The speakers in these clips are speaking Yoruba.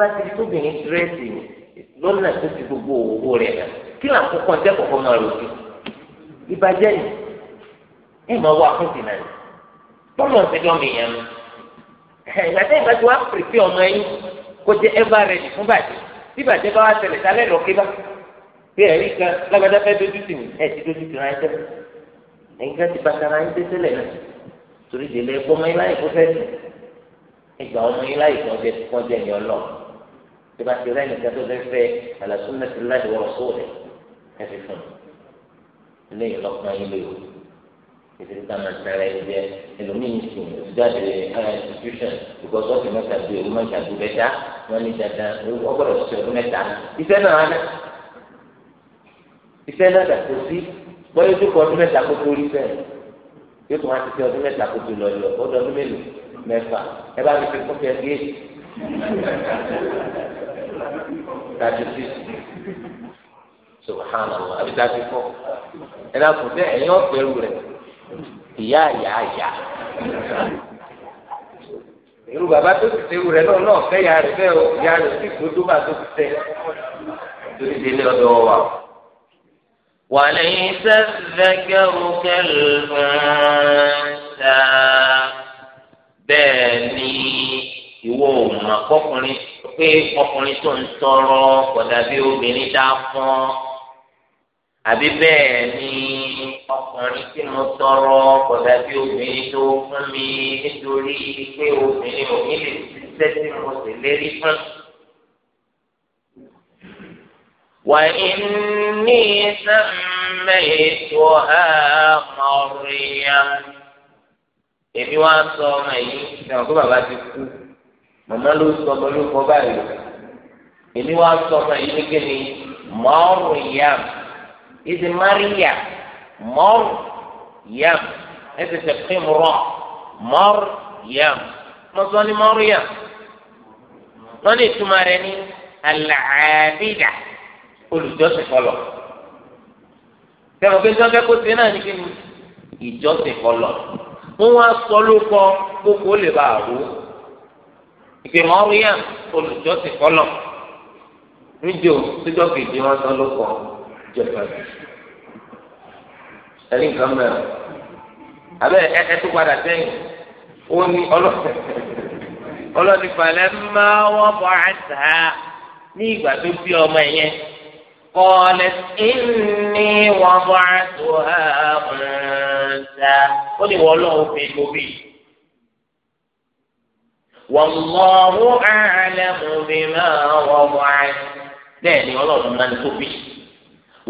bá ti tóbìnrin dírẹ́sì ni lọ́nà tó ti gbogbo owó rẹ̀ náà kí là ń kó kọjá kọ̀kọ́ máa rò sí ìbàjẹ́ yìí ẹ̀ máa wá fún ìdìnnà yìí tọ́lọ̀ ti dán mi yẹn mi ìgbà tẹ́yìn bá ti wá pèsè ọmọ yín kó jẹ́ ever ready fún bàjẹ́ tí bàjẹ́ bá wá ṣẹlẹ̀ sálẹ̀ lọ kí bá bí ẹ̀rí kan lágbàdá fẹ́ dojú sí mi ẹ̀ ti dojú sí ra ẹ̀ tẹ́lẹ̀ ẹ̀yin ká ti bàtà ra ẹ̀ tẹ́lẹ̀ náà torí délé ẹ̀kọ́ ọmọ yín láyè kó fẹ́ sùn ẹgbà ọmọ yín láyè kó jẹ́ kó jẹ́ ẹ̀yìn ọlọ́run tìbá ti rẹ́ nìkan tó fẹ́ fẹ́ ala sunnatillahi wa rasulihi ẹ fi fún un ilé ìlọ́kùnrin yìí lè wò ìdílé ká máa tẹ̀lé ẹgbẹ́ ẹlòmíì sùn ìjáde ara institution because wọ́n ti mẹ́ta ju èyí mọ́ta ju bẹ́tà wọ́n ní dandan wọ́n gbọ́dọ̀ sí ọdún mẹ́ta iṣẹ́ náà wá náà iṣẹ́ náà dàtò sí bọ́yọ̀ tó kọ ọdún mẹ́ta kó tó rí bẹ́ẹ̀ yóò tún wá ti fi ọdún mẹ́ta kó tó lọ lọ ọdún mélòó mẹ́fà ẹ bá mi fi kọ́kẹ́ gé thirty six subhanallah àbí thirty four ẹ dákun tẹ ẹ̀yin ọ̀pẹ̀rù rẹ̀ ìyá ìyá ìyá irú bàbá tó ti tẹ́wù rẹ̀ náà náà fẹ́ ya rẹ̀ fẹ́ o ya rẹ̀ sì kó bá tó ti tẹ́ tó ti délé ọ̀dọ̀ wa. وليس الذكر كالأنثى bẹ́ẹ̀ ni ìwọ pé ọkùnrin tó ń tọrọ kò dàbí obìnrin dá fún àbí bẹ́ẹ̀ ni ọkùnrin tí mo tọrọ kò dàbí obìnrin tó fún mi nítorí pé obìnrin ò ní lè ṣiṣẹ́ tí mo sì lérí fún. وإني سميتها مريم. èmi wá sọ màmá ló sọ ọmọ lórúkọ báyìí èmi wá sọ ọmọ yìí ní kíni mọ́ọ̀rù yam ìdí mariya mọ́ọ̀rù yam ẹsẹ tẹpẹm rọ mọ́ọ̀rù yam mọ́sọ ní mọ́ọ̀rù yam wọ́n ní ìtumọ̀ rẹ̀ ní alàbídà olùjọ́sìn fọlọ̀ tẹ̀wọ̀n pé sọ́kẹ́ kó náà ní kíni ìjọ́sìn fọlọ̀ wọ́n wá sọ lóko kókó lè bá a rú ìpè mọ́ríyàm olùjọ́sìn kọ́lọ̀ rídíò síjọ́ kejì wọn sọ ló kọ́ jẹ̀fẹ̀ ẹ̀rí nǹkan mẹ́rin abẹ́ ẹ tó padà sẹ́yìn ó ní ọlọ́ọ̀ni falẹ̀ máa wọ́n bọ̀ àtà ní ìgbà tó bí ọmọ yẹn kọ́lẹ̀ ìní wọ́n bọ̀ àtò ó ní wọ́n lọ́wọ́ fi gbòbí wallahu a'lamu bima wada'at bẹ́ẹ̀ ni ọlọ́run máa ń tóbi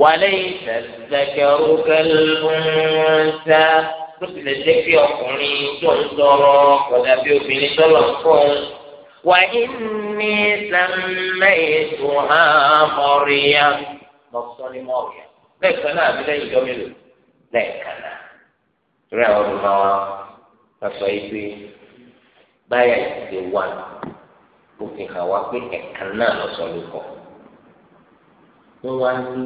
walaysa dhakaru kal-unsa tó ti lè jẹ́ pé ọkùnrin tó ń sọ̀rọ̀ kọ̀dà bí obìnrin sọ̀rọ̀ fún un. wà inni sammaytuha Maryam lọ́sọ̀ ní Maryam lẹ́ẹ̀kan náà àbí lẹ́yìn ìjọ lẹ́ẹ̀kan náà. torí àwọn olùmọ̀ wa wọ́n yìí pé báyà ìdílé wà òfin hàn wá pé ẹ̀ka náà lọ sọ ló kọ wọn wá ní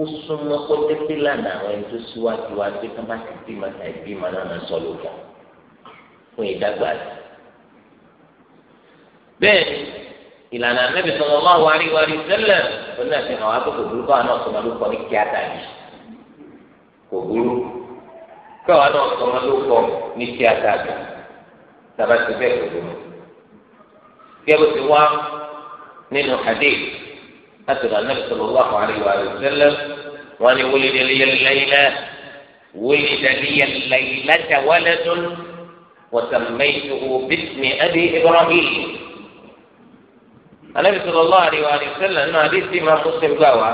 ó súnmọ́ pọ́tẹ́pẹ́ lánàá àwọn ẹni tó síwájú wa pé ká má ti bímọ tàbí bímọ náà lọ sọ ló kọ fún ìdágbà rẹ̀ bẹ́ẹ̀ ìlànà anábì sọ̀rọ̀ máa wà rí sẹ́lẹ̀ ó náà fi hàn wá pé kò burú káwọn náà sọ̀rọ̀ ló kọ ní kíá tàbí kò burú káwọn náà sọ̀rọ̀ ló kọ ní kíá tàbí tàbá ti bẹ́ẹ̀ pẹ̀lú mi. gẹ́gẹ́ bó ti wá nínú hadith láti rà nàbì sallallahu alaihi wa sallam wọn ni wọlé dẹlẹ́yẹ lẹ́yìnlá wọlé dẹlẹ́yẹ lẹ́yìnlá tẹ wọlé dún wọ́tàmẹ́yìnwó bísí ẹbí ibrahim. anabi sallallahu alaihi wa sallam náà hadith máa Muslim gbà wá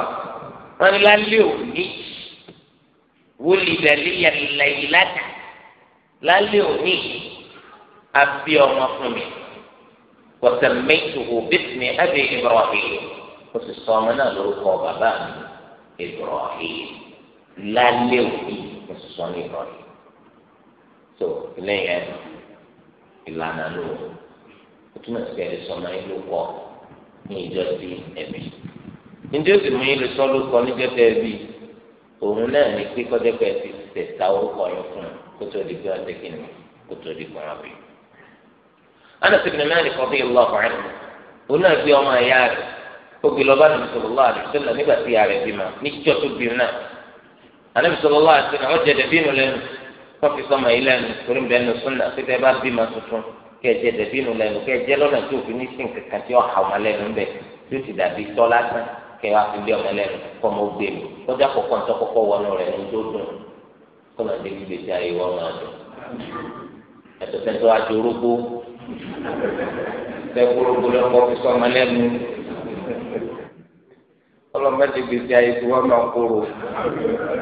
wọn ni lálẹ́ òní wọlé dẹlẹ́yẹ lẹ́yìnlá tẹ lálẹ́ òní afi ọmọ fún mi wọ́sẹ̀mẹ́tòhò bísí ẹ̀bí Ibrahim ó sì sọ ọmọ náà lórúkọ bàbá mi Ibrahim lálẹ́ òbí ó sì sọ ní Ibrahim tó lẹ́yìn ìlànà ló ó túmọ̀ sí ẹ̀rí sọmọ yín lórúkọ ní ìjọ sí ẹ̀mí níjẹ́ ó sì mú lè sọ lórúkọ níjẹ́ tẹ́ ẹ òun náà ní pé kọ́jọ́ pé ẹ ti tẹ̀ta orúkọ fún un di pé ọ̀sẹ̀ kìnnìún kó di pé wọ́n Anas ibn Malik radiyallahu anhu òun náà gbé ọmọ ẹ̀yà rẹ̀ ó gbé lọ́ba nàbì sallallahu alaihi wasallam nígbà tí ìyá rẹ̀ bí ma níjọ́ tó bí náà Ànábì sallallahu alaihi wasallam wọ́n jẹ dẹ̀bínú lẹ́nu wọ́n fi sọmọ yìí lẹ́nu torí bẹ́ẹ̀ nù súnà pété bá bí ma tuntun kẹ́ jẹ dẹ̀bínú lẹ́nu kẹ́ jẹ lọ́nà tó fi ní sìn kankan tí ọ̀hà ọmọ lẹ́nu bẹ̀ tó ti dàbí tọ́ lásán kẹ́ wá fi bí ọmọ lẹ́nu kọ́ gbé mi kọjá kọ̀kọ́ ntọ́ kọ́kọ́ wọnú rẹ̀ ní tó tẹkúrúgbó lọkọ fi sọmọ lẹ́nu ọlọmọdé gbèsè ayé tí wọn máa kóró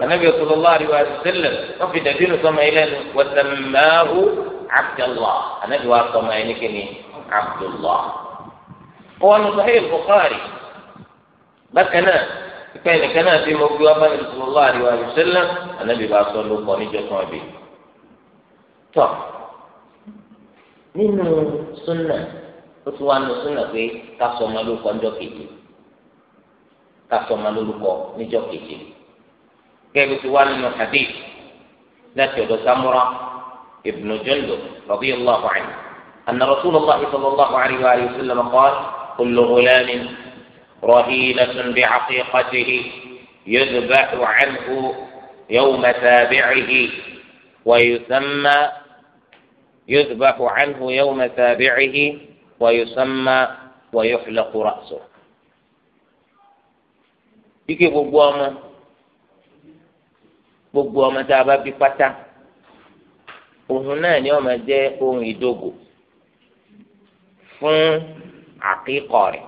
anabi sallallahu alaihi wa sallam wọn fi dàbí nu sọmọ yìí lẹ́nu wọtẹmẹhu abdullah anabi wa sọmọ yìí nìkẹni abdullah wọn nù sahih bukhari bákan náà ìpè nìkan náà fi mọ bí wọn bá sallallahu alaihi wa sallam anabi bá sọ lóko níjọ kan bí tọ nínú súnà ó ti wá nu súnà pé ká sọ ọmọ lórúkọ níjọ́ keje ká sọ ọmọ lórúkọ níjọ́ keje gẹ́gẹ́ bí ti wá nínú hadith láti ọ̀dọ̀ samura ibnu jundub radiyallahu anhu anna rasulullah sallallahu alayhi wa sallam qala kullu ghulamin رهينة بعقيقته يذبح عنه يوم سابعه ويسمى يذبح عنه يوم سابعه ويسمى ويحلق رأسه ike gbogbo ọmọ gbogbo ọmọ tá a bá bí pátá òun náà ni ọmọ jẹ ohun ìdógò fún àkíkọ rẹ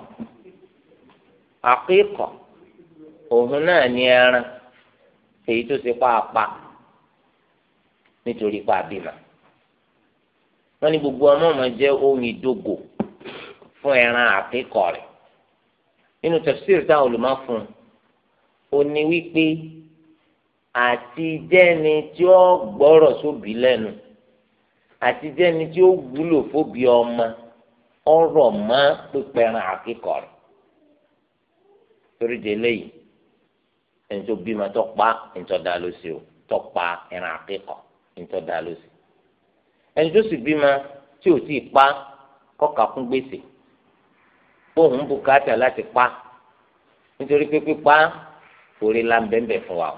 àkíkọ òun náà ni ẹran èyí tó ti pa apá nítorí pa bímọ wọ́n ní gbogbo ọmọ ọmọ jẹ́ ohun ìdógò fún ẹran àkíkọ̀ rẹ̀ nínú tafsir táwọn olùmọ̀ fún un ó ní wípé àti jẹ́ni tí ó gbọ́rọ̀ sóbì lẹ́nu àti jẹ́ni tí ó wúlò fóbi ọmọ ọ̀rọ̀ mọ́ pípẹ́ ẹran àkíkọ̀ rẹ̀ torí délé ẹni tó bímọ tó pa ẹni tó dá ló tó pa ẹran àkíkọ̀ ẹni tó dá ló ẹni tó sì bímọ tí ò tíì pa kọ́ka kún gbèsè fóun bùkátà láti pa nítorí pé pípa òrè la ń bẹ́ẹ̀ fún wa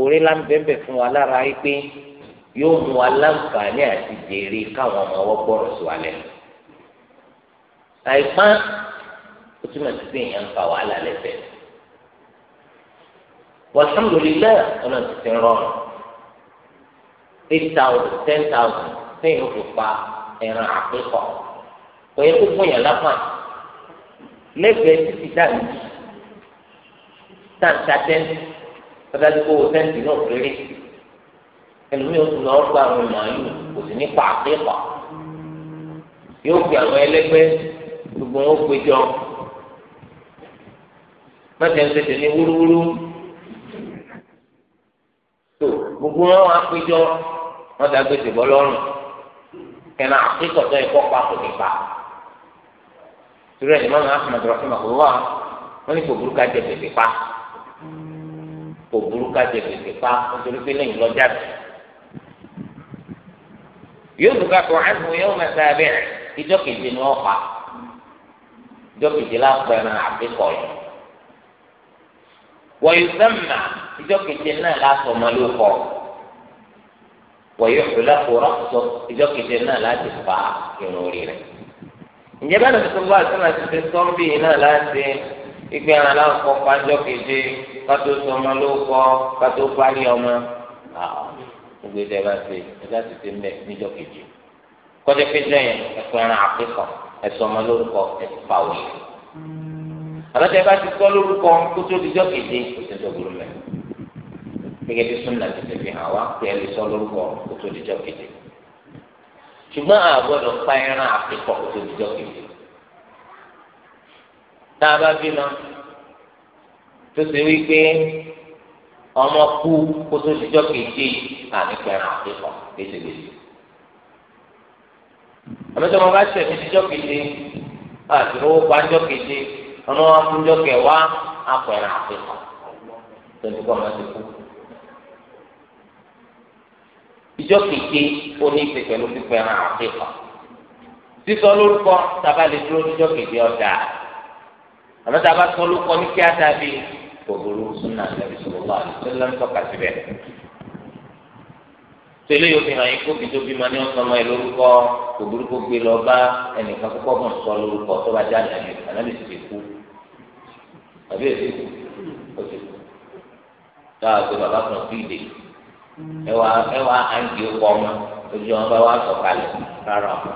òrè la ń bẹ́ẹ̀ fún wa lára yìí pé yóò mú wa láǹfààní àti jèrè káwọn ọmọ ọwọ́ gbọ́rọ̀ sí wa lẹ́nu àìpá ó túmọ̀ sí pé èèyàn ń fa wàhálà lẹ́sẹ̀ alhamdulilayi ọlọ́run ti ti rọrùn eight thousand ten thousand sẹ́yìn ó fi pa ẹran àpékọ̀ kò yẹ kó fún yàn lápàn lẹ́gbẹ̀ẹ́ títí dàbí tàǹtà tẹ́ǹtì tọ́dájú kó wo tẹ́ǹtì náà kéré ẹlòmíì ó tún lọ gba àwọn màálù kò sì ní pa àpékọ̀ yóò fi àwọn ẹlẹ́gbẹ́ gbogbo wọn péjọ mẹ́tẹ̀ẹ̀sẹ̀ tẹ̀ ní wúrúwúrú gbogbo wọn wá péjọ wọn dá gbèsè bọ́ lọ́rùn kẹna àkíkọ̀tọ̀ ẹ̀kọ́ pa kò ní pa turẹ̀ ìmọ̀ náà ahmed rahimahullah wọn ní kò burú ká jẹ gbèsè pa kò burú ká jẹ gbèsè pa nítorí pé lẹ́yìn lọ́jà bẹ̀. yóò dùkà tó ẹ̀fọn yóò mẹ́ta bẹ́ẹ̀ ìjọ kejì ni wọ́n pa ìjọ kejì lápẹ̀rẹ̀ àbíkọ̀ yìí wọ́n yóò sẹ́mà ìjọ keje náà lásọ ọmọ ló kọ wọ̀nyí ìlẹ́kùn rọ́pùtọ̀ ìjọ keje náà láti fa irun orí rẹ̀. ǹjẹ́ bá lọ́sọ̀tò bá àti náà ti fi sọ́ńbì náà láti ìgbé ara láǹkọ́ pàjọ́ keje kátó sọ ọmọ ló kọ kátó parí ọmọ. gbogbo ìdẹ́ bá ṣe ẹ̀dá ti ti mẹ́ níjọ keje kọjá péjọ yẹn ẹ̀kọ́ ẹran àkẹ́kọ̀ọ́ ẹ̀sọ́ ọmọ lórúkọ ẹ̀fà òṣèlú gẹ́gẹ́ bí súnà ti fi hàn wá pé ẹni sọ lórúkọ kó tó di jọ́ kejì ṣùgbọ́n a gbọ́dọ̀ pa ẹran àpèkọ kó tó di jọ́ kejì tá a bá bímọ tó ṣe wípé ọmọ kú kó tó di jọ́ kejì àní pẹ̀ràn àpèkọ gbèsègbèsè àmọ́tí ọmọ bá ṣẹ̀ fi di jọ́ kejì àti owó pa jọ́ kejì ọmọ wa kú jọ́ kẹwàá àpẹ̀ràn àpèkọ tó ti kọ́ ọmọ ti kú. ìjọ kéke ó ní ìpè pẹ̀lú pípẹ́ ẹran àfihàn sísọ lórúkọ tàbá lè dúró níjọ kéke ọ̀dà àmọ́ tàbá sọ lórúkọ ní kí á dàbí gbogbo súnà nàbí sọlọ́lá àdìsọ́lá ń tọ́ka síbẹ̀ tẹ́lẹ̀ yóò fi hàn yín kóbi tó bímọ ní ọsàn ọmọ ẹ lórúkọ gbogbo kó gbé lọ bá ẹnìkan kókó bọ̀ sọ lórúkọ tó bá já nàbí ànábì sì ti kú àbí èsì ẹ wà ẹ wà àǹkì ọkọ ọmọ ojú wọn bá wà sọ̀kalẹ̀ rárá o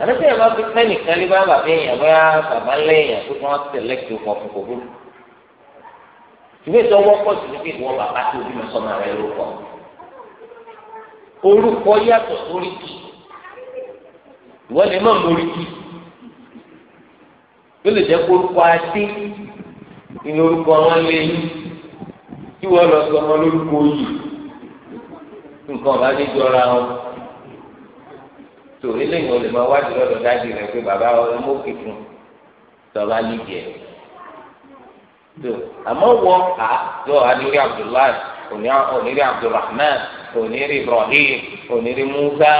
àmì tí yàrá fi pẹ́ nìkan lé bá bàbá èèyàn bá bàbá lẹ́yìn àti wọn sẹlẹ̀kì ọkọ fún kòkó ìwé tó wọ́pọ̀ sí ní kí ìwọ bàbá tó bí mi sọmọ rẹ lórúkọ orúkọ yàtọ̀ sórí kì ìwọ lè má mórí kì ó lè jẹ́ kó orúkọ adé ní orúkọ wọn lé yín tí wọ́n lọ sọ ọmọ lórúkọ yìí nǹkan ọba ní jọra wọn tó eléyìí ò lè máa wádìí lọ́dọ̀ dájú rẹ̀ pé bàbá ọmọ kìkun tọba níjẹ tó àmọ́ wọ́n kà á tó àdúrí Abdullahi onírí Abdulrahman onírí Ibrahim onírí Musa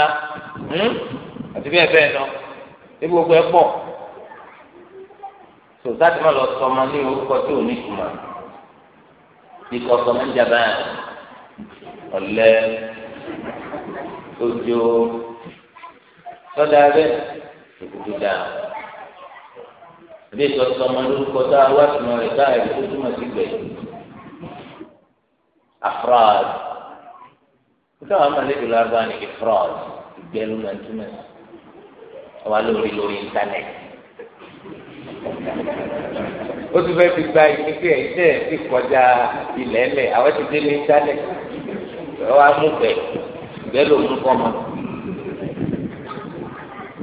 hmm? àti bẹ́ẹ̀ bẹ́ẹ̀ lọ ní gbogbo ẹ̀ pọ̀ tó sáà tí wọ́n lọ sọ ọmọ ní orúkọ tó ní ìtumọ̀ bí kọsọ ń jaba ọlẹ ojo sọdọ abẹ òkùtù dà bí kọsọ ọmọ lórúkọ tá a wá tìmọ rẹ tá a yẹ kó túmọ̀ sí gbẹ afraad nígbà wọn máa lébi lọ́wọ́ àwọn ifraad ìgbẹ́ ló máa túmọ̀ sí wọn lórí lórí íńtánẹ́ẹ̀tì ó tún fẹ́ fi gba ìpín pé ẹ̀yìn tẹ̀ ti kọjá ilẹ̀ lẹ̀ àwọn ti dé ní sálẹ̀ ẹ wá mú bẹ̀ bẹ́ẹ̀ ló mú kọ́ mọ́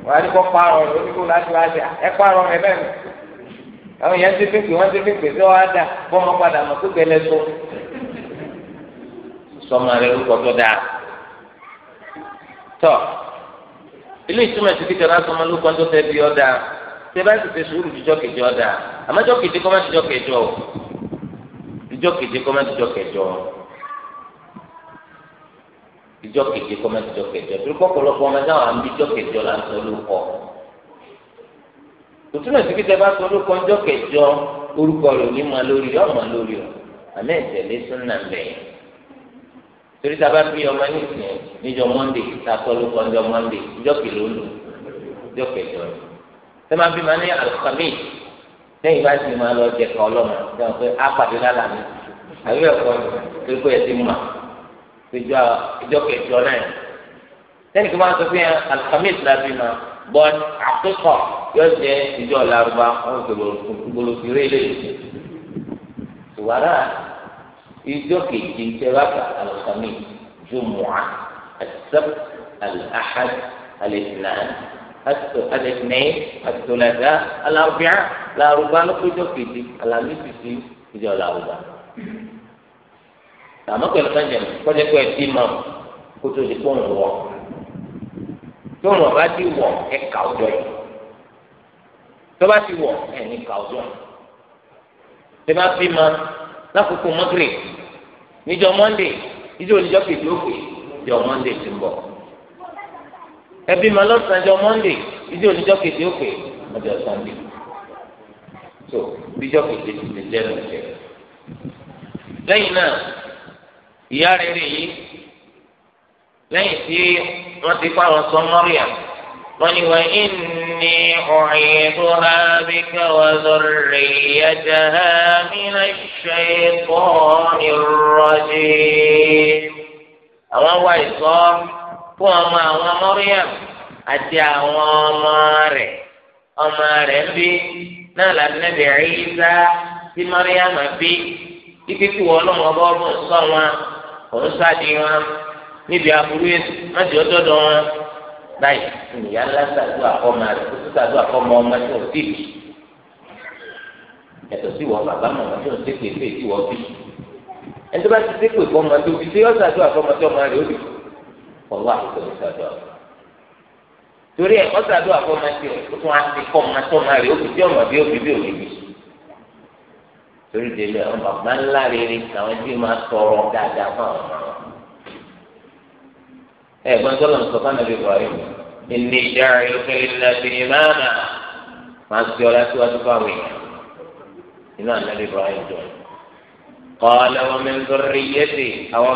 wọ́n á ní kọ́ parọ́ rẹ̀ oníkó láti wá dà ẹ parọ́ rẹ̀ bẹ́ẹ̀ àwọn èèyàn ti fi pè wọ́n ti fi pè sí wọ́n á dà bọ́mọ padà mọ̀ pé gbẹlẹ́ tó sọmọ rẹ̀ ló kọjọ́ dáa tọ́ ilé ìtumọ̀ ìsìkìtì ọ̀nà sọmọ ló tẹ́ bí ọ̀dà tẹ́ bá ti fi sùúrù jíjọ́ kejì ọ̀dà àmọ́jọ́ keje kọ́ má ti jọ kẹjọ o ìjọ keje kọ́ má ti jọ kẹjọ o ìjọ keje kọ́ má ti jọ kẹjọ torí pọ̀pọ̀lọpọ̀ ọmọ ẹ̀dá wà ń bí ìjọ kẹjọ là ń sọ lórúkọ òtúnà sí kíkẹ́ bá sọ lórúkọ ìjọ kẹjọ orúkọ rẹ̀ ò ní ma lórí ọ̀ ma lórí ọ̀ àmì ìtẹ̀lé súnà bẹ̀yìn torí tá a bá fi ọmọ ní níjọ mọ́ndé tá a sọ lẹ́yìn bá ti máa lọ jẹ kọ ọlọmọ sẹwọn pé apàdé lálà mi àbí ẹkọ tó kó yẹ ti mà ìjọ ìjọ kẹjọ náà yẹn sẹni kí wọn sọ fún yẹn alhamis làbí ma bọ́n àkókò yóò jẹ ìjọ làrúbá wọn kò gbòòrò sí rẹ lẹ́yìn tùwárà ìjọ kejì ń tẹ́wá ka alhamis jùmùà àti sábà alahad alẹ́sìnàn alẹ́nẹ́ àtòlẹ́dá alárùbíà làrùbá lọ́kọ́jọ́ kejì alámísì sí ìjọ làrùbá. àmọ́ pẹ̀lú kan jẹ̀mú kọ́jọ́ pé ẹtí mọ̀ kó tó di pọ́ùn wọ̀ tó wọn bá ti wọ̀ ẹ̀ka ọjọ́ yìí tó bá ti wọ̀ ẹ̀ní ka ọjọ́ yìí tó bá fi mọ lákòókò mọ́gírì níjọ mọ́ndé ẹbí ma lọ́sàn-án monday ìdí oníjọ́ kejì ó pè ọjọ́ sunday so bíjọ́ kejì ti lè jẹ́ lọ́sẹ̀. lẹ́yìn náà ìyá rere yìí lẹ́yìn tí wọ́n ti pa àwọn sọmọ́rìà wọ́n ní wọ́n inni u'idhuha bika wa dhurriyyataha minash shaytanir rajim. àwọn wá ìsọ́. fún ọmọ àwọn mọ́ríyàm àti àwọn ọmọ rẹ̀ ọmọ rẹ̀ ń bí náà lànàbì Ìsá tí mọ́ríyàm bí ibi tí wọ́n lọ́mọ sọ wọn òun sáàdì wọn níbi aburú ètò má jẹ́ wọn láì ìyá ńlá sàdú àkọ́mọ rẹ̀ kó ọmọ sí wọn bàbá màmá tó ń bí wàláhì kò ní sàdúrà torí ẹ ọ sàdúrà fún ọmọ tí o tún á ti kọ́ ọmọ tó máa rí òbí tí ọmọ bí òbí bí òbí torí délé ọmọ bàbá ńlá rere àwọn tí máa sọ̀rọ̀ dáadáa fún àwọn ọmọ ẹ gbọ́n tó lọ́nà sọ́kàn náà bí Ibrahim ìní ìjà ìrọ̀kẹ́lẹ́ nàbí ìmáàmà máa ti ọ̀rẹ́ síwájú fáwọn èèyàn inú àná bí Ibrahim jọ kọ́ ọ lọ́wọ́ mi ń dọ́rẹ́ yẹ́sì àwọn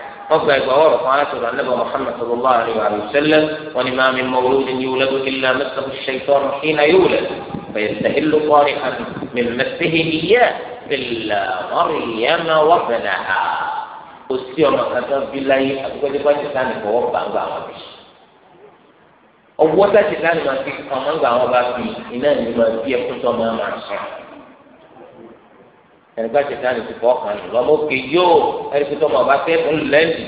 قبل إبواب طاعته النبي محمد صلى الله عليه وسلم ولما من مولود يولد إلا مسه الشيطان حين يولد فيستهل صالحا من مسه إياه إلا مريم وابنها أسيوم أتاب بالله أقول لك أنت كان إبواب بأنك أمامك أبوة تتعلم أنك أمامك أمامك إنا نمان بيكتو أمامك أمامك ẹnìgbà ṣẹ̀dá ni ti fọ́ kan lù lọ́mọ òkè yóò ẹni pé tọmọ ọba fẹ́ fún lẹ́yìn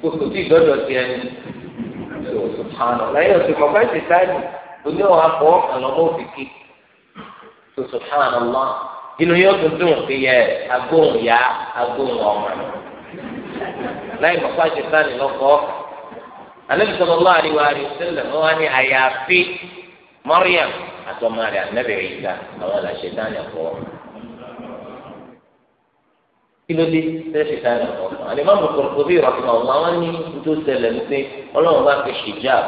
kó kò tí ì dọ́dọ̀ sí ẹni tó sùpánù lẹ́yìn òsì kọ̀ọ̀kan ṣẹ̀dá ni oní ọ̀hà fọ́ kan lọ́mọ òkè kí tó sùpánù lọ inú yóò tún dùn pé yẹ agbóhùn yá agbóhùn ọmọ lẹ́yìn kọ̀ọ̀kan ṣẹ̀dá ni lọ́kọ́ anabi sallallahu alaihi wa sallam wọn ni àyàfi Maryam àtọmọ rẹ̀ anabi Isa àwọn làṣẹ̀dá ni ọ̀pọ̀ kí ló dé tẹ́sí táyà ọ̀pọ̀ àlèmọ́ kòkòrò ìrọ̀kùnà ọ̀hún àwọn ní tó ṣẹlẹ̀ ní pé ọlọ́run bá fi hijab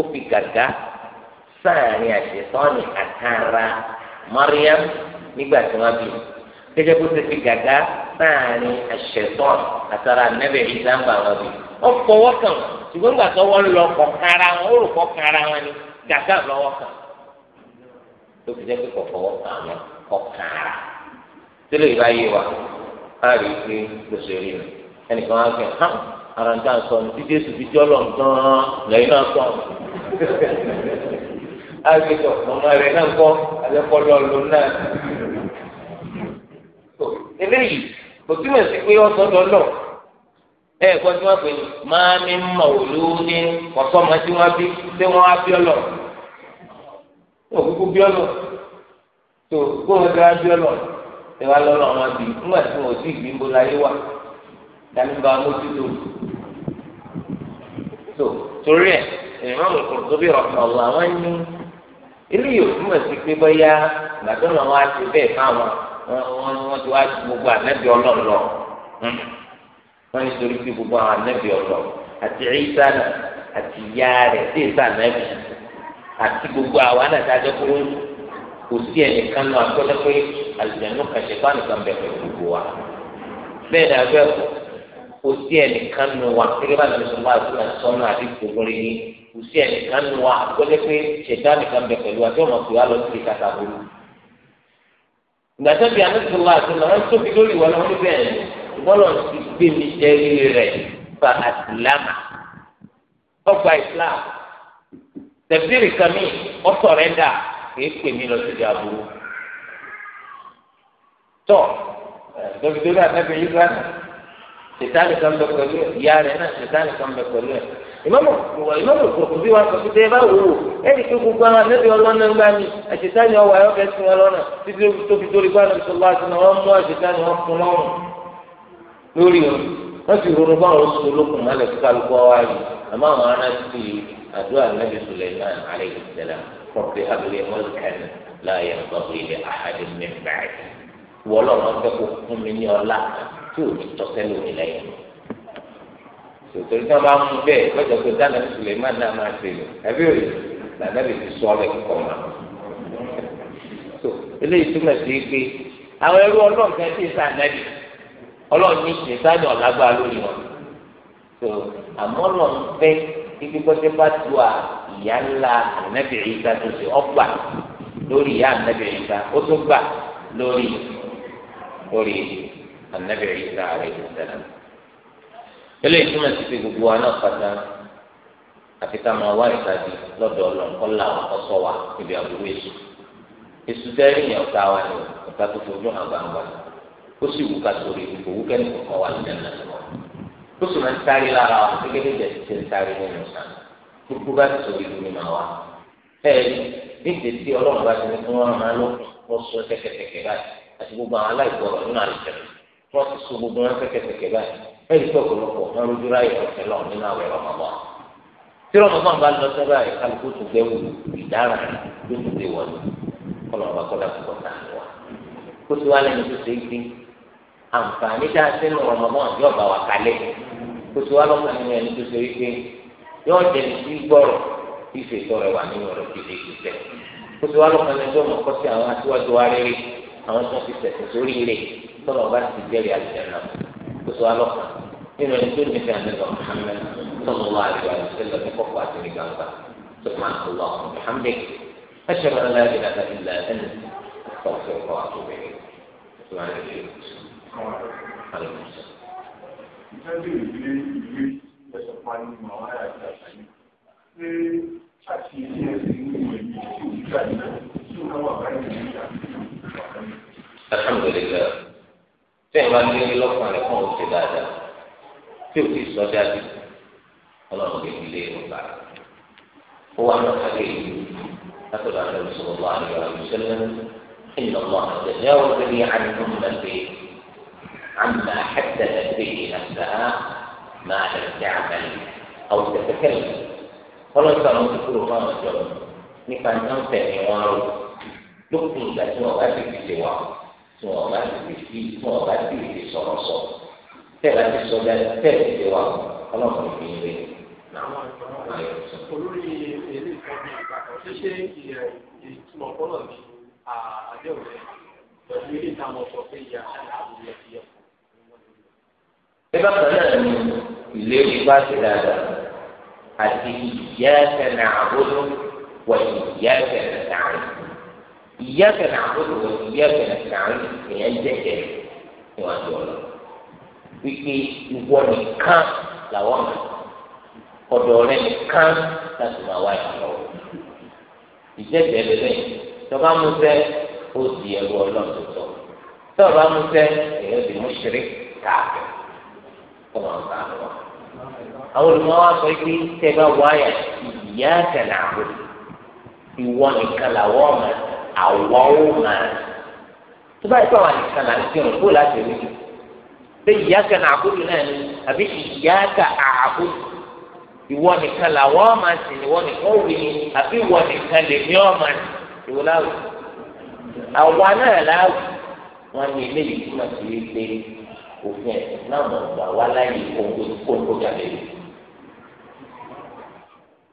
ó fi gàgá sáàrin àṣetọ́ni àtàrà Mariam nígbà tí wọ́n bí gẹ́gẹ́ bó ṣe fi gàgá sáàrin àṣetọ́n àtàrà nẹ́bẹ̀ ìdáǹbà wọn bí wọ́n fọwọ́ kàn ṣùgbọ́n gbà tó wọ́n lọ kọ̀ọ̀kára wọn ó rò kọ̀ọ̀kára wọn ni gàgá lọ́wọ́ kàn tó fi jẹ́ pé kọ̀ọ̀fọwọ́ kàn wọn kọ̀ọ̀kára á rí i pé ló ṣe rí nù ẹnìkan á kẹ hàn ara ń dá sọ ní tí jésù fi jọ́ lọ gan-an lẹ́yìn náà sọ á rí i pé ọmọ rẹ̀ náà kọ́ alẹ́kọ́ lọ lò náà. eléyìí kò túmọ̀ sí pé ọ̀sán lọ́nà ẹ kọ́ tí wọ́n pè ní máa mi mọ̀ olóde kọ̀sọ́mọ tí wọ́n bí tí wọ́n á bí ọlọ́ wọn bí ọlọ́ tó gbóhùn tí bí ọlọ́ ṣé wàá lọ́lọ́ wọn bì í nígbà tí wọn ò sí ìgbìmbo láyé wà dání bá mójútó tó torí ẹ ìmọ̀mù Qurtubi rahimahullah àwọn ní ilé yóò túmọ̀ sí pé bóyá gbàdúrà náà wá ti bẹ́ẹ̀ fáwọn wọn wọn ti wá gbogbo ànábì ọlọ́run lọ hmm. wọn ní torí pé gbogbo àwọn ànábì ọlọ́run àti Ìsá àti ìyá rẹ̀ sí ìsá ànábì àti gbogbo àwọn ànábì àjọkúrò kò sí ẹnìkan náà àtọ́jọ́ pé àlùjànnú kan ṣe bá nìkan bẹ̀rẹ̀ gbogbo wa bẹ́ẹ̀ ni abẹ́ kò kò sí ẹnìkan nù wa gẹ́gẹ́ bá nìkan sọ̀rọ̀ àti náà sọ́nà àti gbogbo rẹ̀ yìí kò sí ẹnìkan nù wa àtọ́jọ́ pé ṣẹ̀dá nìkan bẹ̀ pẹ̀lú àti ọmọ pè wá lọ sí kàtà bolo. ìgbàdàn bíi anásùnlá àti náà wọ́n tóbi lórí ìwà náà wọ́n bẹ̀rẹ̀ ti gbé mi jẹ́ rírì fa àtìlámà kìí pè mí lọ síbi àbúrò tọ dọkítọrì àtẹkẹ yìí rà náà sitani kan bẹ pẹ̀lú ẹ ìyá rẹ náà sitani kan bẹ pẹ̀lú ẹ ìmọ̀mọ̀ ìmọ̀mọ̀ òkùnkùn bí wọn sọ fún tẹ ẹ bá wò ó ẹnì kí gbogbo àwọn ẹnẹbí ọlọ́nà ń gbà mí àṣetánì ọwọ́ ayọ́ bẹ sí wọn lọ́nà títí tó fi torí bá lọ́sọ̀ náà wọ́n mú àṣetánì wọn fún lọ́rùn lórí wọn wọ́n sì ronú bá wọn sọ lókun mọ́lẹ̀ kíkálukú ọwọ́ ayé àmọ́ àwọn aráàlú ti àdúrà nẹ́bí sùlẹ̀ náà àlẹ́ ìṣẹ̀lẹ̀ رب هب لي ملكا لا ينبغي لأحد من بعدي wọlọ wọn fẹ́ kó fún mi ní ọlá tí ò ní tọ́sẹ́ lómi lẹ́yìn tòtò tí wọn bá mú bẹ́ẹ̀ lọ́jọ́ tó dáná Suleiman náà máa ṣe lò ẹbí òye lànà lè fi sọ ọ lẹkọọ ma eléyìí túmọ̀ sí pé àwọn ẹrú ọlọ́run kan ti sá nẹ́bí ọlọ́run ní ìsáni ọ̀lágbára lórí wọn àmọ́ ọlọ́run fẹ́ ibi kọ́sẹ́ bá tu à ìyá ńlá ànábì Ìsá tó ṣe ọgbà lórí ìyá ànábì Ìsá ó tó gbà lórí lórí ànábì Ìsá alayhi salam. eléyìí túmọ̀ sí pé gbogbo wa náà pátá àfi ká máa wá ìsádi lọ́dọ̀ ọlọ́nkọ́lá ọ̀sọ́ wa níbi àbúrò èso èso tẹ́rì yẹn ọ̀tá wa ni ọ̀tá tó fojú hàn gbangba ó sì wù ká sórí ìdìbò wù kẹ́ni kọ̀ọ̀kan wà nílẹ̀ náà ó sì máa ń sáré lára wa gẹ́gẹ́ bí ìjẹ́sí ti ń sáré nínú sàn kúkú bá ti sọ̀rọ̀ ìlú mà wá. Bẹ́ẹ̀ni bí ìdèsí ọlọ́run bá ti ní fún wọn máa lókun wọ́n sọ tẹ́kẹ̀tẹ̀kẹ̀ báyìí àti gbogbo àwọn aláìgbọràn nínú àlùfẹ́ wọ́n ti sọ gbogbo wọn tẹ́kẹ̀tẹ̀kẹ̀ báyìí bẹ́ẹ̀ni tó ọ̀pọ̀lọpọ̀ wọn lójú ráyè ọ̀fẹ́ lọ nínú àwẹ̀ ọmọọmọ. Tí ọmọọmọ bá lọ sọ́dọ̀ àyè kálukú tó gbẹ́wò ìdára ló ti dé wọlé kọ́lọ́mọ bá kọ́lá tó bọ̀tà wá. Kó tí wàá lẹ́nu tó ṣe é gbé àǹfààní dáa sínú ọmọọmọ yóò bá wà kalẹ̀. Kó tí wàá lọ́kàn nínú ẹni tó ṣe é gbé yóò jẹni sí gbọrọ ìfẹ́ ìtọrẹ wà nínú ọ̀rọ̀ gidi ìfẹ́ kó tí wà lọkàn ní tó mọ kọ sí àwọn aṣíwájú wa rere àwọn tó ń fi tẹsán sórí ilé tọrọ bá ti jẹrìí àlùjẹ náà kó tí wà lọkàn nínú ẹni tó nífẹ̀ẹ́ àmẹ́lọ Muhammad sọlọ wà àríwá ìṣẹ̀lẹ̀ ní kọ̀kọ̀ àti ní gbangba sọfún àtúwà Muhammad ẹṣẹ wọn lọ ilẹ̀ àti ilẹ̀ ẹni ọ̀fẹ́ ọkọ̀ àtúbẹ̀rẹ̀ tó wà ní ilé ìwòsàn. wa ní ìmọ̀ wá rà ìjà sí. Ṣé àti ilé ẹ̀sìn ní ìwé mi tí ò gbà ní tí ò náwó àbáyé ní ìjà sí ìwà kan? Alhamdulillah, bẹ́ẹ̀ máa ń ní lọ́kàn rẹ̀ fún òṣè dáadáa, tí ò sì sọ dájú, ọlọ́run lè fi lé ìrọ̀gbà. Ó wá náà kájé ìlú látọ̀dọ̀ àti ìṣòro wa ní ìwà ìṣẹ́lẹ̀ إن الله تجاوز لي عن أمتي عما حدثت به نفسها ما لم تعمل أو تتكلم خلاص أنا أقول ما أقول nípa ní wọn tẹ̀lé wọn rò lópin ìgbà tí wọn bá ti fi ṣe wà tí wọn bá ti fi fi tí wọn bá ti fi sọ̀rọ̀ sọ tẹ̀ láti sọ bẹ́ẹ̀ tẹ̀ fi ṣe wà ọlọ́run fi ń lé. olórí ilé ìfọ́ bíi ìgbàgbọ́ ṣíṣe rẹ̀ pẹ̀lú ilé ìtàn ọ̀sọ̀ pé ìyá àti àbúrò ti bíbá kan náà ni ìlérí bá ti dáadáa àti iyyaka na'budu wa iyyaka nasta'in iyyaka na'budu wa iyyaka nasta'in èèyàn jẹjẹ níwájú ọ̀la wípé ìwọ nìkan làwọn mọ̀ ọ̀dọ̀ rẹ nìkan láti máa wá ìrànlọ́wọ́ ìjẹ́jẹ́ lẹ́lẹ́ tọ́ba musẹ́ ó di ẹrú ọlọ́run tọ́ba musẹ́ èèyàn di mushrik káàkiri kọ́ máa ń bá a lọ. àwọn olùmọ̀ wa sọ pé tẹ́ bá wáyà ìyá àtẹnà àbò ìwọ nìkan làwọ̀ ọ̀mà àwọ̀ ọ̀mà tó bá yẹ kó àwọn nìkan là ń fi hàn kó láti rí i ìyá àtẹnà àbò náà ni àbí ìyá àtà àbò ìwọ nìkan làwọ̀ ọ̀mà sì ni ìwọ nìkan wí ni àbí ìwọ nìkan lè ní ọ̀mà ìwọ láwù àwa náà láwù wọn ni eléyìí túmọ̀ sí wípé òfin ìsìláàmù ọgbà wá láyé kóńgó kóńgó jáde lò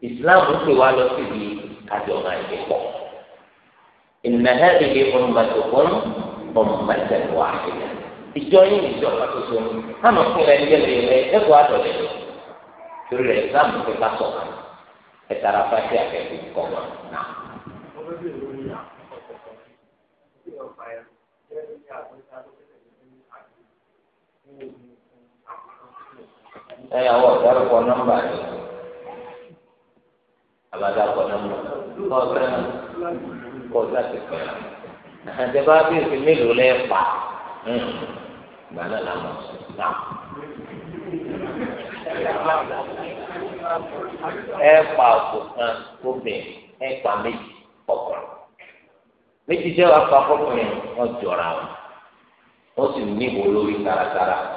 ìsìláàmù pè wá lọ síbi kájọ máa ṣe pọ̀ ìnáhẹ́ ìdí ọmọdékùn ọmọdékùn wà sílẹ̀ ìjọ yín ìjọ pàtóso ní hànà fún ẹ nígbà lè rẹ ẹkọ àtọlẹ torí rẹ ìsìláàmù pé ká sọ ẹ tara fásitì akẹ́kọ̀ọ́ kọ wọn náà. ẹ̀yìn àwọn ọ̀dàrúkọ nọ́mbà yìí àbádàrúkọ nọ́mbà kọ́ sẹ́yìn kọ́ sẹ́yìn kọ́ àtẹ̀bá bí èsì mélòó lẹ́ pa hmm. gbà náà là mọ̀ náà. ẹ pa ọ̀pọ̀ kan tó ẹ pa méjì ọ̀pọ̀ méjì wàá pa jọra wọn sì níbo lórí taratara.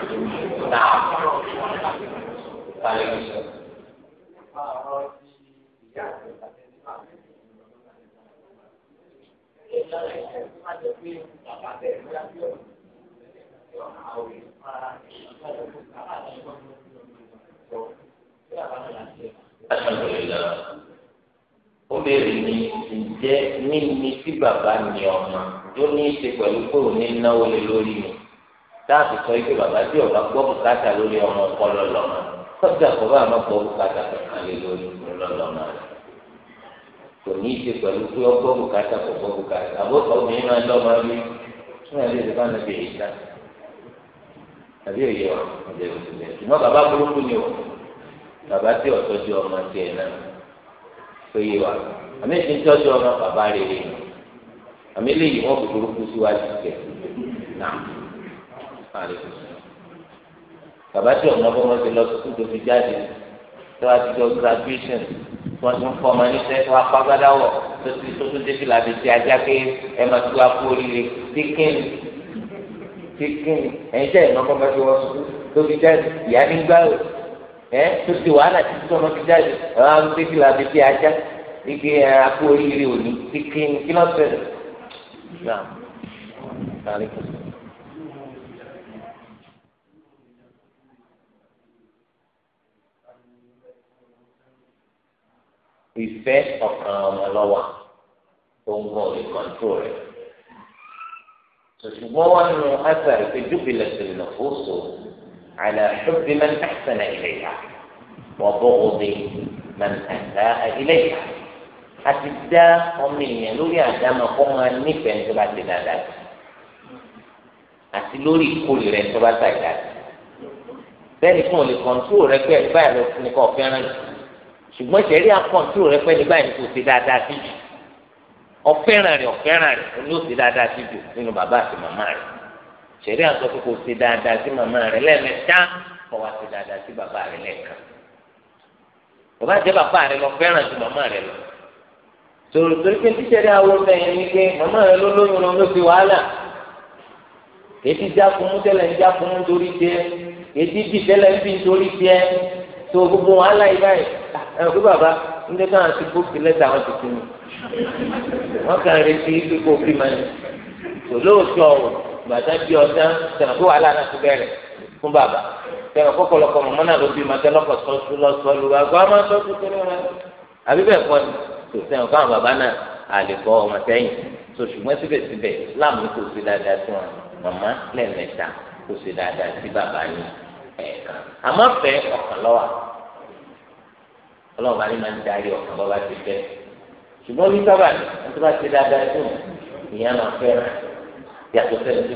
náà kálí kìsọ. Alhamdulillah, ó béèrè ní ǹjẹ́ mímí tí bàbá ní ọmọ tó ní í ṣe pẹ̀lú pé òun ní náwó lé lórí mi táàbì sọ yìí pé bàbá tí ọba gbọ́ bùkátà lórí ọmọ ọpọlọ lọ́mọ tọ́jà kọ́ bá má gbọ́ bùkátà kankan lé lórí ọlọ́mọ rẹ̀ kò ní í ṣe pẹ̀lú pé ọgbọ́ bùkátà kò gbọ́ bùkátà àbókọ̀ obìnrin máa lọ́mọ rí fún ẹ̀rí ìdí bá nàbẹ̀ yìí ná àbí òye ọ̀ ọ̀dẹ̀ òṣèlè ṣùgbọ́n bàbá burúkú ni o bàbá tí ọ̀tọ́jú ọmọ tiẹ̀ náà pé yé àmì ìṣe tọ́jú bàbá tí ọmọ bọ́ wọn ti lọ sukùl tó fi jáde tó a ti jọ graduation wọn tún fọ ọmọ níṣẹ́ tó apá gbádá wọ tó ti tó tún débi làbí ti ajá pé ẹ máa tún apó oríire tíkìnì tíkìnì ẹ̀yin tẹ́ ìmọ̀ bọ́ wọn ti wọ sukùl tó fi jáde ìyá nígbà rẹ̀ ẹ tó ti wàhálà títí tó ọmọ fi jáde ẹ máa tún débi làbí ti ajá ike ẹ apó oríire òní tíkìnì kí lọ́sẹ̀ rẹ̀ náà. ìfẹ́ ọ̀kan ọmọ lọ́wọ́ tó ń gbọ́n lè kọ́ńtró rẹ̀. ṣùgbọ́n wọn nù ẹsẹ̀ rẹ̀ pé júbìlẹ̀ sílẹ̀ náà ó sọ àlẹ́ àṣọ́bí máa ń tẹ̀sán ilé yá wọ́n bọ́ òde máa ń tẹ̀sán ilé yá. a ti dá ọmọ èèyàn lórí àdámọ̀ kó máa nífẹ̀ẹ́ tó bá ti dáadáa sí àti lórí ìkórè rẹ̀ tó bá ti dáadáa sí. bẹ́ẹ̀ ni fún òun lè kọ́ńtró rẹ̀ ṣùgbọ́n ṣẹ̀rí àkọ́ǹtò rẹ pẹ́ ní báyìí kò ṣe dáadáa sí jù ọ̀fẹ́ràn rẹ ọ̀fẹ́ràn rẹ ló ṣe dáadáa sí jù nínú bàbá àti màmá rẹ ṣẹ̀rí àkọ́ pé kò ṣe dáadáa sí màmá rẹ lẹ́ẹ̀mẹ́ta kọ́ wa ṣe dáadáa sí bàbá rẹ lẹ́ẹ̀kan bàbá jẹ́ bàbá rẹ lọ fẹ́ràn ju màmá rẹ lọ tòrò torí pé tíṣẹ̀rí àwọn ọmọ ẹ̀yìn ni pé màmá rẹ ló lóyún lọ ló fi wàhálà ètí jákùnmú tẹ́lẹ̀ ń jákùnmú torí tiẹ̀ ètí bì tẹ́lẹ̀ ń bì torí tiẹ̀ tó gbogbo wàhálà yìí báyìí ẹ kó bàbá ń dẹ́ káwọn ti bókì lẹ́tà wọn ti sinmi wọn kàn retí kíkó bí ma ní tòlóòtọ́ ọ̀rọ̀ gbàtà bí ọ̀dá sẹ̀nà kó wàhálà náà ti bẹ̀rẹ̀ fún bàbá sẹ̀nà kó kọlọkọ mọ̀mọ́ náà ló bí ma tẹ́lọ́kọ̀ sọ́sú lọ́sọ́lù àgbà máa tọ́jú tó lọ́ra àbí bẹ́ẹ̀ kọ́ ni tò sẹ́yìn káwọn bàbá náà àlè kọ́ ọmọ sẹ́yìn tó ṣùgbọ́n síbẹ̀síbẹ̀ Islam ní kò sí dáadáa sí wọn màmá lẹ́ẹ̀mẹ́ta kò sí dáadáa sí bàbá yìí ẹ̀ẹ̀kan àmọ́ fẹ́ ọ̀kan lọ́wọ́ ọlọ́run bá ní máa ń darí ọ̀kan bọ́ bá ti fẹ́ ṣùgbọ́n bí sábà ní wọ́n ti bá ti dáadáa ìyẹn máa yàtọ̀ sẹ́ni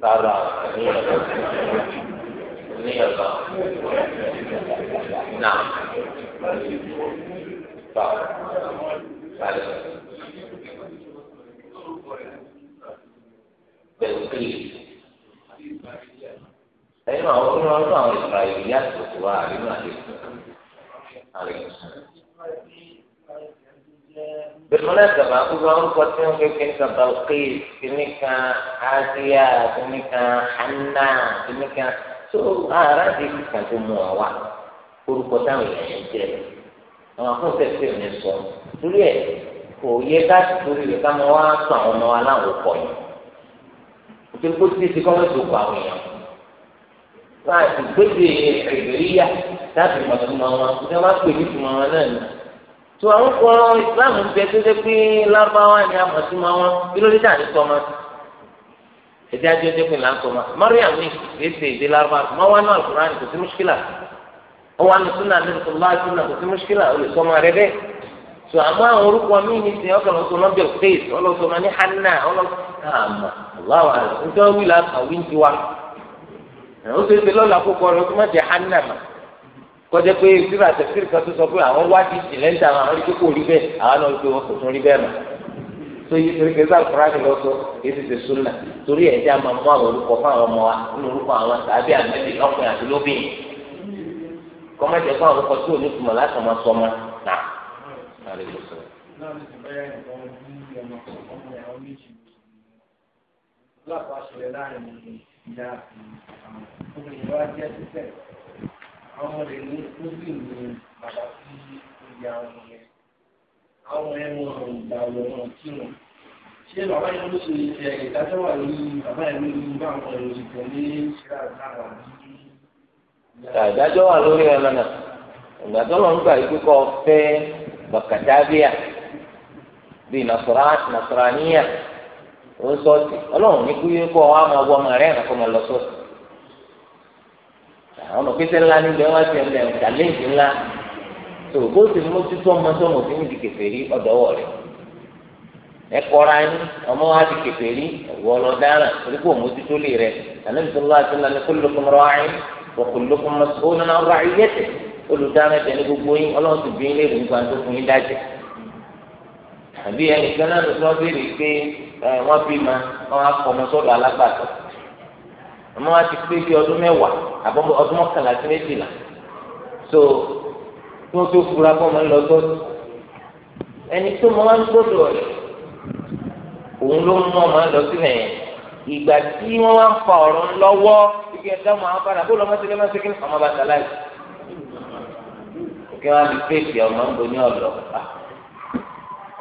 tó náà. tẹ̀sílì. ẹ̀yin náà wọ́n fún ọdún àwọn ìgbà ìlú yàtọ̀ tó wà nínú àdéhùn àdéhùn. bẹ̀rẹ̀ sábà gbogbo àwọn orúkọ tí wọ́n fi kí n kan balqis kìíní kan hanna kìíní kan tó ara di kíkan tó mú ọ wá orúkọ táwọn èèyàn jẹ àwọn akọ́ṣẹ́ tí ò ní sọ lórí ẹ̀ kò yẹ ká torí rẹ̀ ká mọ wá sọ àwọn ọmọ wa láwọn kọ̀ yìí nítorí kó tí ti kọ́mọ̀ tó pa àwọn èèyàn máa ti gbèsè ìgbèríyà láti mọ̀tòmọ̀ wọn kí wọ́n má pè ní tòmọ̀ wọn náà nù. tó àwọn kan ìsìláàmù ń bẹ tó dé pé lárúbáwá ni àmọ̀tòmọ̀ wọn kí ló dé dà ní sọmọ. ẹ̀dí ajé ọjọ́ pé là ń mariam ní gbèsè ìdè lárúbá mọ́ wá náà kúránì kò sí mùsùkìlà ó wà ní súnà ní sọmọ àti súnà ó lè sọmọ rẹ bẹ́ẹ̀. sọ àmọ́ àwọn orúkọ míì ní sìn ọkàn lọsọ lọbẹ faith ọlọsọ máa ní hanna ọlọsọ àmà aláwọ àlọ nítorí wíìlà àwí ń tiwa ó ṣe é ṣe lọ́la kókó ọ̀rọ̀ tó má jẹ hanna mà kọjá pé síra tẹ̀síri kan tó sọ pé àwọn wádìí àwọn rí àwọn náà kò tún rí mà tó yí torí ti súnà torí mú àwọn fún àwọn ọmọ wa nínú orúkọ àwọn alaikum salam náà ní ìbáyà nìkan bí ọmọ ọmọ ìdájọ́ wà lórí ẹ̀ lọ́nà ìgbà tó lọ ń gbà yìí fẹ́ bàkàtàbíà bíi nasaraniya ó sọ́ọ̀tì ọlọ́run ní kúyé kó ọ àmọ́ ọgbọ́n ọmọ rẹ̀ ẹ̀kọ́ máa lọ sọ́ọ̀tì àwọn ọmọ pété ńlá níbẹ̀ wá sí ẹ̀ńdẹ̀ ìtàlẹ́ǹtì ńlá tó bó ti mú títú ọmọ tó mọ̀ sí ní ìdìkẹ̀fẹ̀ rí ọ̀dọ́wọ̀ rẹ̀ ẹ̀kọ́ra ẹni ọmọ wa ti kẹfẹ́ rí ọ̀wọ́ ọlọ́dáràn torí kò mú títú lè rẹ̀ àná olùdáná tẹ̀lé gbogbo yín ọlọ́run ti bí yín léèrè nípa tó fún yín dájẹ́ àbí ẹnìkan náà ló sọ béèrè pé wọ́n bí ma wọ́n á fọmọ sọ́dọ̀ alágbàtọ́ ọmọ wa ti pé bí ọdún mẹ́wàá àbọ̀ ọdún mọ́kànlá sí méjìlá so kí wọ́n tó fura kọ́ ọmọ ńlọ sọ́dọ̀ ẹni tó mọ wá ń gbọ́dọ̀ rẹ̀ òun ló mú ọmọ lọ sílẹ̀ yẹn ìgbà tí wọ́n wá fa ọ̀rọ̀ ńlọ́wọ́ ibi ẹ̀dá ọmọ àwọn padà bó lọ́mọ kí wọn á fi fèsì ọmọ ń bo ní ọ̀dọ̀ ah.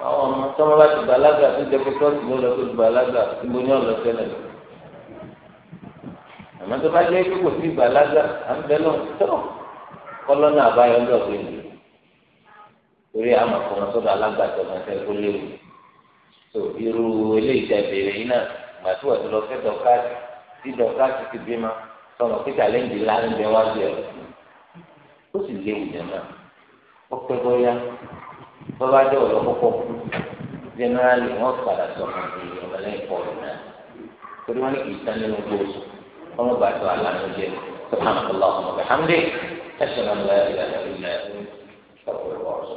àwọn ọmọ tí wọn bá ti bàlágà tó jẹ pé tọ́sí ló lọ tó ti bàlágà tó bo ní ọ̀dọ̀ tẹ́lẹ̀ àmọ́ tó bá jẹ́ pé kò sí bàlágà à ń bẹ́ lọ tó kọ́lọ́nà àbáyọ ńlọ pé nìyí torí àmọ̀ fún wọn sọ́dọ̀ alágbàtọ̀ máa fẹ́ kó léwu tó irú eléyìí tẹ bèrè yìí náà ìgbà tí wọ́n ti lọ fẹ́ dọ̀káàtì tí dọ̀káàtì ti bímọ sọ̀rọ̀ pé challenge ńlá ń bẹ wá sí ẹ̀ ó sì léwu jẹ̀ náà ọpẹ bọyá bọba jẹ ọyọ kọkọ kú jẹnẹrali wọn padà sọmọ di ọmọlẹ́yìn pọlù náà torí wọn ní kì í tán nínú gbòòsù ọmọ bàtọ àlànà jẹ sọfàn ọlọ ọmọ bẹ hàmdé ẹsẹ náà lọ ẹyà ẹyà ẹyà ẹyà ọpẹ bọọsù.